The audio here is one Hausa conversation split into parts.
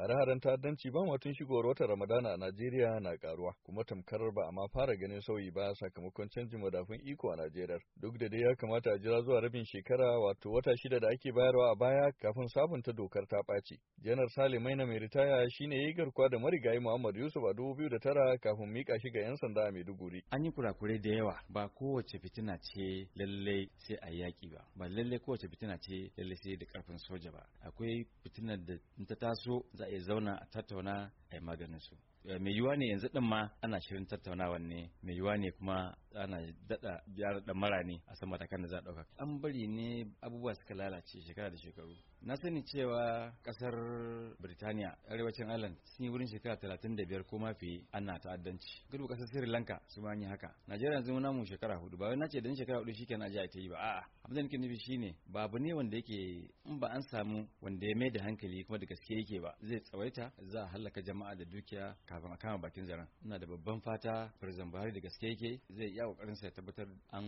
Hare-haren ta'addanci ba matun shigowar watan Ramadana a Najeriya na karuwa, kuma tamkar ba a ma fara ganin sauyi ba sakamakon canjin madafun iko a Najeriya. Duk da dai ya kamata a jira zuwa rabin shekara wato wata shida da ake bayarwa a baya kafin sabunta dokar ta ɓaci. Janar salimai na mai ritaya shine ya yi garkuwa da marigayi Muhammad Yusuf a dubu biyu da tara kafin mika shi ga 'yan sanda a Maiduguri. An yi kurakurai da yawa ba kowace fitina ce lalle sai a yaƙi ba, ba lalle kowace fitina ce lalle sai da ƙarfin soja ba. Akwai fitinar da ta taso za a zauna a tattauna a yi maganin su Eh, mai yiwuwa ne yanzu din ma ana shirin tattaunawan ne mai yiwuwa ne kuma ana dada biyar da mara ne a sama kan da za a dauka an bari ne abubuwa suka lalace shekara da shekaru na sani cewa kasar Birtaniya arewacin Ireland sun yi wurin shekara 35 ko ma fiye ana ta'addanci gudu kasar Sri Lanka su ma yi haka Najeriya yanzu na mu shekara hudu ba wai nace dan shekara hudu shikenan aje ta yi ba a'a abin da nake nufi shine babu ne wanda yake in ba an samu wanda ya mai da hankali kuma da gaske yake ba zai tsawaita za a halaka jama'a da dukiya kafin a kama bakin zaren ina da babban fata firzan buhari da gaske yake zai iya kokarin sa ya tabbatar an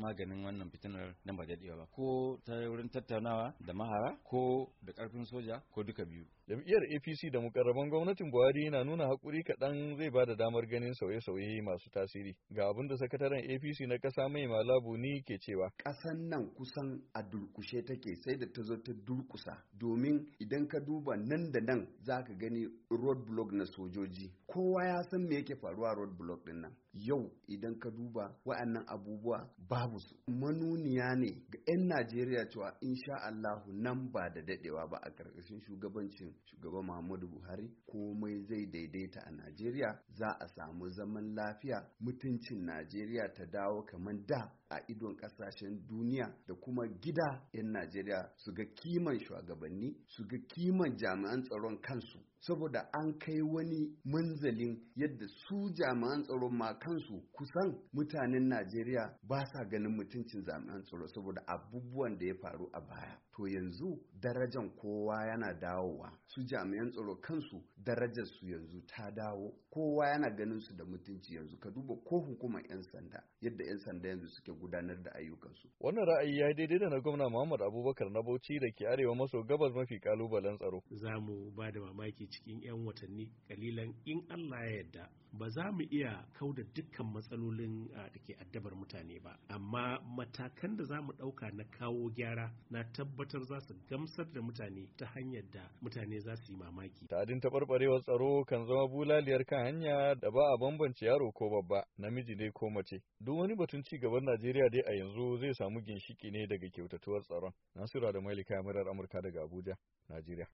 maganin wannan fitinar nan ba daɗewa ba ko ta wurin tattaunawa da mahara ko cikin soja ko duka biyu. Jam'iyyar APC da mukarraban gwamnatin Buhari na nuna hakuri kaɗan zai ba da damar ganin sauye-sauye masu tasiri. Ga abin da sakataren APC na ƙasa mai malabu ni ke cewa. Ƙasan nan kusan a durkushe take sai da ta zo ta durkusa domin idan ka duba nan da nan za ka gani road block na sojoji. Kowa ya san me yake faruwa road block ɗin nan. Yau idan ka duba wa'annan abubuwa babu su. Manuniya ne ga 'yan Najeriya cewa insha Allahu nan ba da daɗewa ba a karkashin shugabancin shugaba Muhammadu Buhari komai zai daidaita a Najeriya za a samu zaman lafiya mutuncin Najeriya ta dawo kamar da a idon kasashen duniya da kuma gida 'yan Najeriya su ga kiman shugabanni su ga kiman jami'an tsaron kansu saboda an kai wani manzalin yadda su jami'an tsaron ma kansu kusan mutanen Najeriya ba sa ganin mutuncin jami'an tsaro saboda abubuwan da ya faru a baya to yanzu darajan ko kowa yana dawowa su jami'an tsaro kansu darajarsu yanzu ta dawo kowa yana ganin su da mutunci yanzu ka duba ko hukumar 'yan sanda yadda 'yan sanda yanzu suke gudanar da ayyukansu wannan ra'ayi ya daidai da na gwamna Muhammad Abubakar na Bauchi da ke arewa maso gabas mafi kalubalen tsaro za mu ba da mamaki cikin 'yan watanni kalilan in Allah ya yarda ba za mu iya kauda dukkan matsalolin ah, da ke addabar mutane ba amma matakan da za mu ɗauka na kawo gyara na tabbatar za su gamsar da mutane ta hanyar da mutane za su yi mamaki. Tadin taɓarɓarewar tsaro kan zama bulaliyar kan hanya da ba a bambance yaro ko babba, namiji ne ko mace. Duk wani batun ci gaban Najeriya dai a yanzu zai samu ginshiki ne daga kyautatuwar tsaron. Nasira da Malika Murar Amurka daga Abuja, Najeriya.